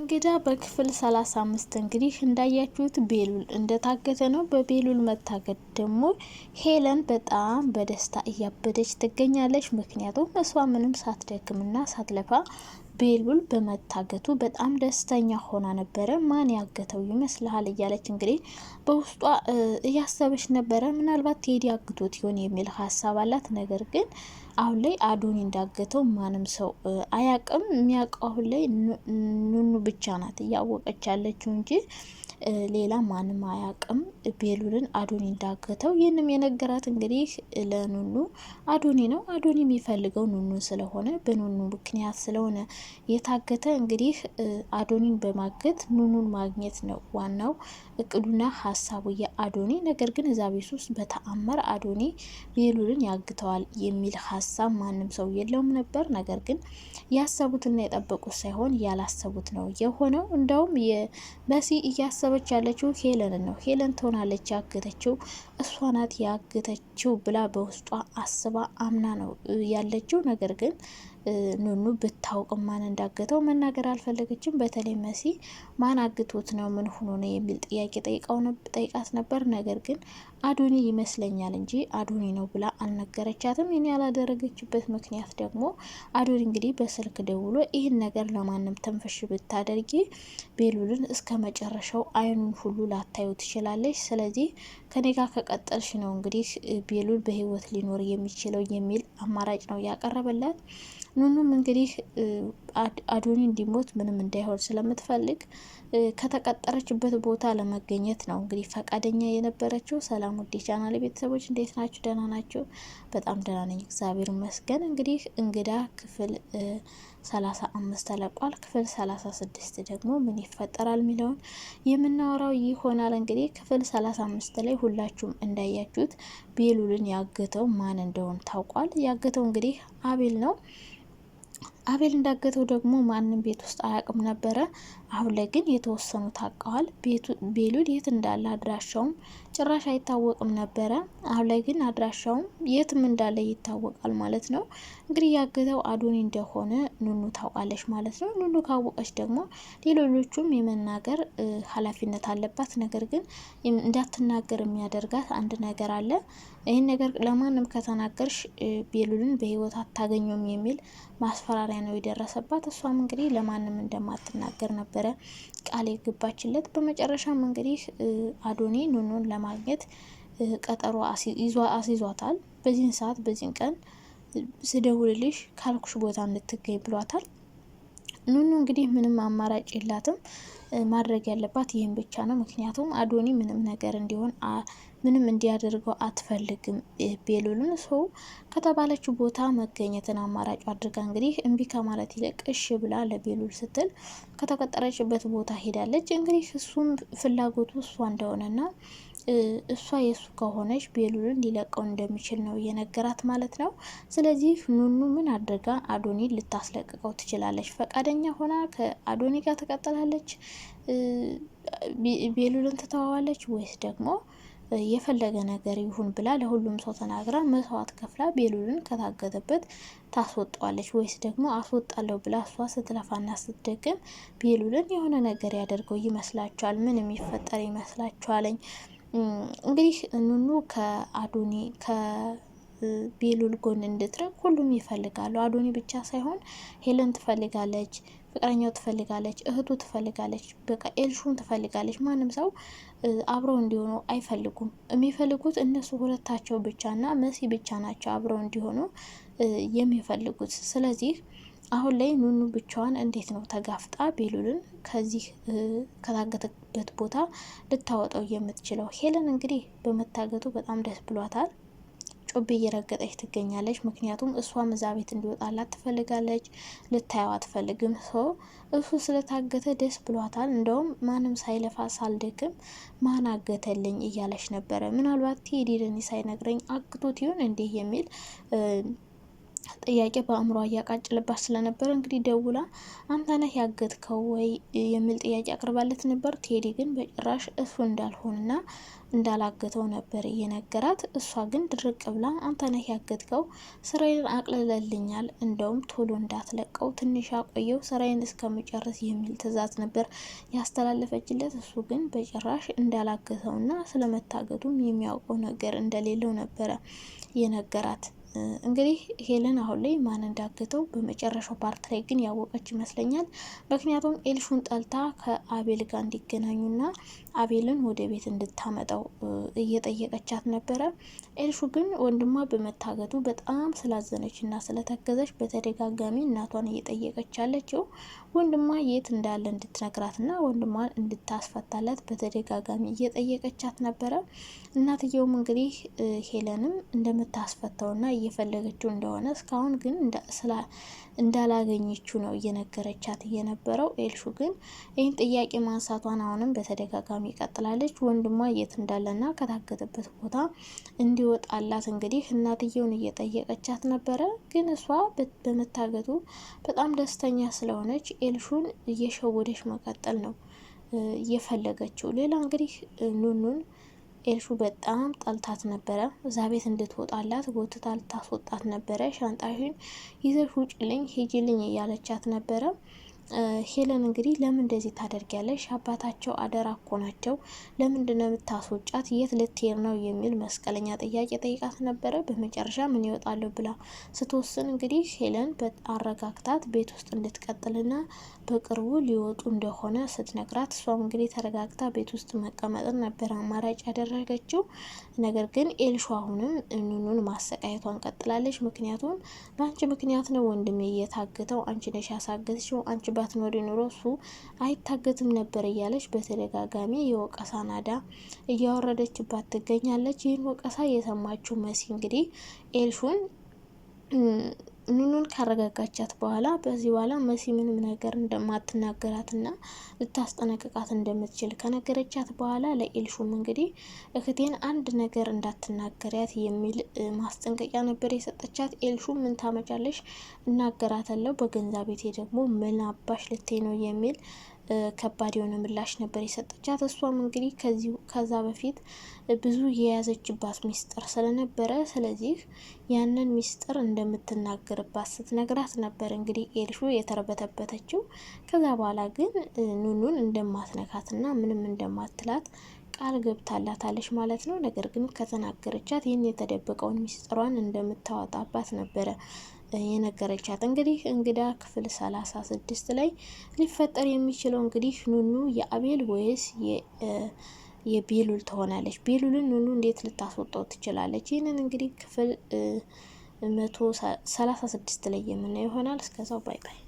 እንግዳ በክፍል 35 እንግዲህ እንዳያችሁት ቤሉል እንደታገተ ነው። በቤሉል መታገት ደግሞ ሄለን በጣም በደስታ እያበደች ትገኛለች። ምክንያቱም እሷ ምንም ሳትደክምና ሳትለፋ ቤሉል በመታገቱ በጣም ደስተኛ ሆና ነበረ። ማን ያገተው ይመስልሃል? እያለች እንግዲህ በውስጧ እያሰበች ነበረ። ምናልባት ቴዲ አግቶት ይሆን የሚል ሀሳብ አላት። ነገር ግን አሁን ላይ አዶኒ እንዳገተው ማንም ሰው አያቅም። የሚያውቀው አሁን ላይ ኑኑ ብቻ ናት እያወቀች ያለችው እንጂ ሌላ ማንም አያቅም። ቤሉልን አዶኒ እንዳገተው ይህንም የነገራት እንግዲህ ለኑኑ አዶኒ ነው። አዶኒ የሚፈልገው ኑኑ ስለሆነ በኑኑ ምክንያት ስለሆነ የታገተ እንግዲህ አዶኒን በማገት ኑኑን ማግኘት ነው ዋናው እቅዱና ሀሳቡ የአዶኒ ነገር ግን እዛ ቤት ውስጥ በተአምር አዶኒ ቤሉልን ያግተዋል የሚል ሀሳብ ሀሳብ ማንም ሰው የለውም ነበር። ነገር ግን ያሰቡትና የጠበቁት ሳይሆን ያላሰቡት ነው የሆነው። እንደውም በሲ እያሰበች ያለችው ሄለንን ነው። ሄለን ትሆናለች ያገተችው እሷ ናት ያገተችው ብላ በውስጧ አስባ አምና ነው ያለችው። ነገር ግን ኑኑ ብታውቅ ማን እንዳገተው መናገር አልፈለገችም። በተለይ መሲ ማን አግቶት ነው ምን ሆኖ ነው የሚል ጥያቄ ጠይቃት ነበር። ነገር ግን አዶኒ ይመስለኛል እንጂ አዶኒ ነው ብላ አልነገረቻትም። ይህን ያላደረገችበት ምክንያት ደግሞ አዶኒ እንግዲህ በስልክ ደውሎ ይህን ነገር ለማንም ተንፈሽ ብታደርጊ ቤሉልን እስከ መጨረሻው አይኑን ሁሉ ላታዩ ትችላለች። ስለዚህ ከኔ ጋር ከቀጠልሽ ነው እንግዲህ ቤሉል በህይወት ሊኖር የሚችለው የሚል አማራጭ ነው ያቀረበላት። ኑኑም እንግዲህ አዶኒ እንዲሞት ምንም እንዳይሆን ስለምትፈልግ ከተቀጠረችበት ቦታ ለመገኘት ነው እንግዲህ ፈቃደኛ የነበረችው። ሰላም ውድ የቻናል ቤተሰቦች እንዴት ናቸው? ደህና ናቸው። በጣም ደህና ነኝ እግዚአብሔር ይመስገን። እንግዲህ እንግዳ ክፍል ሰላሳ አምስት ተለቋል። ክፍል ሰላሳ ስድስት ደግሞ ምን ይፈጠራል የሚለውን የምናወራው ይሆናል። እንግዲህ ክፍል ሰላሳ አምስት ላይ ሁላችሁም እንዳያችሁት ቤሉልን ያገተው ማን እንደሆነ ታውቋል። ያገተው እንግዲህ አቤል ነው። አቤል እንዳገተው ደግሞ ማንም ቤት ውስጥ አያውቅም ነበረ። አሁን ላይ ግን የተወሰኑ ታውቀዋል። ቤሉል የት እንዳለ አድራሻውም ጭራሽ አይታወቅም ነበረ። አሁን ላይ ግን አድራሻውም የትም እንዳለ ይታወቃል ማለት ነው። እንግዲህ ያገተው አዶኒ እንደሆነ ኑኑ ታውቃለች ማለት ነው። ኑኑ ካወቀች ደግሞ ሌሎቹም የመናገር ኃላፊነት አለባት። ነገር ግን እንዳትናገር የሚያደርጋት አንድ ነገር አለ። ይህን ነገር ለማንም ከተናገርሽ ቤሉልን በህይወት አታገኘውም የሚል ማስፈራሪያ ነው የደረሰባት። እሷም እንግዲህ ለማንም እንደማትናገር ነበረ ቃል የገባችለት። በመጨረሻም እንግዲህ አዶኔ ኑኑን ለማግኘት ቀጠሮ አስይዟታል። በዚህን ሰዓት በዚህን ቀን ስደውልልሽ ካልኩሽ ቦታ እንድትገኝ ብሏታል። ኑኑ እንግዲህ ምንም አማራጭ የላትም። ማድረግ ያለባት ይህን ብቻ ነው። ምክንያቱም አዶኒ ምንም ነገር እንዲሆን ምንም እንዲያደርገው አትፈልግም። ቤሉልን ሰው ከተባለችው ቦታ መገኘትን አማራጭ አድርጋ እንግዲህ እምቢ ከማለት ይልቅ እሺ ብላ ለቤሉል ስትል ከተቀጠረችበት ቦታ ሄዳለች። እንግዲህ እሱም ፍላጎቱ እሷ እንደሆነና እሷ የእሱ ከሆነች ቤሉልን ሊለቀው እንደሚችል ነው እየነገራት ማለት ነው። ስለዚህ ኑኑ ምን አድርጋ አዶኒ ልታስለቅቀው ትችላለች? ፈቃደኛ ሆና ከአዶኒ ጋር ትቀጥላለች፣ ቤሉልን ትተዋዋለች፣ ወይስ ደግሞ የፈለገ ነገር ይሁን ብላ ለሁሉም ሰው ተናግራ መስዋዕት ከፍላ ቤሉልን ከታገተበት ታስወጣዋለች ወይስ ደግሞ አስወጣለሁ ብላ እሷ ስትለፋና ስትደግም ቤሉልን የሆነ ነገር ያደርገው ይመስላችኋል? ምን የሚፈጠር ይመስላችኋለኝ? እንግዲህ ኑኑ ከአዶኒ ከቤሉል ጎን እንድትርቅ ሁሉም ይፈልጋሉ። አዶኒ ብቻ ሳይሆን ሄለን ትፈልጋለች፣ ፍቅረኛው ትፈልጋለች፣ እህቱ ትፈልጋለች፣ በቃ ኤልሹን ትፈልጋለች። ማንም ሰው አብረው እንዲሆኑ አይፈልጉም። የሚፈልጉት እነሱ ሁለታቸው ብቻና መሲ ብቻ ናቸው አብረው እንዲሆኑ የሚፈልጉት ስለዚህ አሁን ላይ ኑኑ ብቻዋን እንዴት ነው ተጋፍጣ ቤሉልን ከዚህ ከታገተበት ቦታ ልታወጣው የምትችለው? ሄለን እንግዲህ በመታገቱ በጣም ደስ ብሏታል። ጮቤ እየረገጠች ትገኛለች። ምክንያቱም እሷ እዛ ቤት እንዲወጣላት ትፈልጋለች። ልታየው አትፈልግም። ሰው እሱ ስለታገተ ደስ ብሏታል። እንደውም ማንም ሳይለፋ ሳልደክም ማን አገተልኝ እያለች ነበረ። ምናልባት ቴዲ ሳይነግረኝ አግቶት ይሆን እንዲህ የሚል ጥያቄ በአእምሮ እያቃጭልባት ስለነበረ እንግዲህ ደውላ ነህ ያገትከው ወይ የሚል ጥያቄ አቅርባለት ነበር። ቴዲ ግን በጭራሽ እሱ እንዳልሆንና እንዳላገተው ነበር እየነገራት። እሷ ግን ድርቅ ብላ አንተነህ ያገትከው ስራዬን አቅልለልኛል፣ እንደውም ቶሎ እንዳትለቀው ትንሽ አቆየው ስራዬን እስከምጨርስ የሚል ትዕዛዝ ነበር ያስተላለፈችለት። እሱ ግን በጭራሽ እንዳላገተውና ስለመታገቱም የሚያውቀው ነገር እንደሌለው ነበረ የነገራት። እንግዲህ ሄለን አሁን ላይ ማን እንዳገተው በመጨረሻው ፓርት ላይ ግን ያወቀች ይመስለኛል። ምክንያቱም ኤልሹን ጠልታ ከአቤል ጋር እንዲገናኙና አቤልን ወደ ቤት እንድታመጣው እየጠየቀቻት ነበረ። ኤልሹ ግን ወንድሟ በመታገቱ በጣም ስላዘነች ስለተገዘች በተደጋጋሚ እናቷን እየጠየቀች ያለችው ወንድሟ የት እንዳለ እንድትነግራትና ወንድሟን እንድታስፈታላት በተደጋጋሚ እየጠየቀቻት ነበረ። እናትየውም እንግዲህ ሄለንም እንደምታስፈታውና እየፈለገችው እንደሆነ እስካሁን ግን እንዳላገኘችው ነው እየነገረቻት የነበረው። ኤልሹ ግን ይህን ጥያቄ ማንሳቷን አሁንም በተደጋጋሚ ይቀጥላለች። ወንድሟ የት እንዳለና ከታገተበት ቦታ እንዲወጣላት እንግዲህ እናትየውን እየጠየቀቻት ነበረ። ግን እሷ በመታገቱ በጣም ደስተኛ ስለሆነች ኤልሹን እየሸወደች መቀጠል ነው እየፈለገችው ሌላ እንግዲህ ኑኑን ኤልሹ በጣም ጠልታት ነበረ። እዛ ቤት እንድትወጣላት ጎትታ ልታስወጣት ነበረ። ሻንጣሽን ይዘሽ ውጭልኝ ሂጂልኝ እያለቻት ነበረ። ሄለን እንግዲህ ለምን እንደዚህ ታደርጊያለሽ? አባታቸው አደራ እኮ ናቸው። ለምንድን ነው የምታስወጫት? የት ልትሄድ ነው? የሚል መስቀለኛ ጥያቄ ጠይቃት ነበረ። በመጨረሻ ምን ይወጣለሁ ብላ ስትወስን እንግዲህ ሄለን አረጋግታት ቤት ውስጥ እንድትቀጥልና በቅርቡ ሊወጡ እንደሆነ ስትነግራት እሷም እንግዲህ ተረጋግታ ቤት ውስጥ መቀመጥን ነበር አማራጭ ያደረገችው። ነገር ግን ኤልሹ አሁንም እኑኑን ማሰቃየቷን ቀጥላለች። ምክንያቱም በአንቺ ምክንያት ነው ወንድሜ የታገተው፣ አንቺ ነሽ ያሳገተችው አንቺ ባትኖሪ ኑሮ እሱ አይታገትም ነበር እያለች በተደጋጋሚ የወቀሳ ናዳ እያወረደችባት ትገኛለች። ይህን ወቀሳ የሰማችው መሲ እንግዲህ ኤልሹን ኑኑን ካረጋጋቻት በኋላ በዚህ በኋላ መሲ ምንም ነገር እንደማትናገራትና ልታስጠነቅቃት እንደምትችል ከነገረቻት በኋላ ለኤልሹም እንግዲህ እህቴን አንድ ነገር እንዳትናገሪያት የሚል ማስጠንቀቂያ ነበር የሰጠቻት። ኤልሹ ምን ታመጫለሽ? እናገራታለሁ፣ በገንዛ ቤቴ ደግሞ ምን አባሽ ልቴ ነው የሚል ከባድ የሆነ ምላሽ ነበር የሰጠቻት። እሷም እንግዲህ ከዚሁ ከዛ በፊት ብዙ የያዘችባት ሚስጥር ስለነበረ ስለዚህ ያንን ሚስጥር እንደምትናገርባት ስትነግራት ነበር እንግዲህ ኤልሹ የተረበተበተችው ከዛ በኋላ ግን ኑኑን እንደማትነካትና ምንም እንደማትላት ቃል ገብታላታለች ማለት ነው። ነገር ግን ከተናገረቻት ይህን የተደበቀውን ሚስጥሯን እንደምታወጣባት ነበረ የነገረቻት እንግዲህ እንግዳ ክፍል ሰላሳ ስድስት ላይ ሊፈጠር የሚችለው እንግዲህ ኑኑ የአቤል ወይስ የቤሉል ትሆናለች? ቤሉልን ኑኑ እንዴት ልታስወጣው ትችላለች? ይህንን እንግዲህ ክፍል መቶ ሰላሳ ስድስት ላይ የምናየው ይሆናል። እስከዛው ባይ ባይ።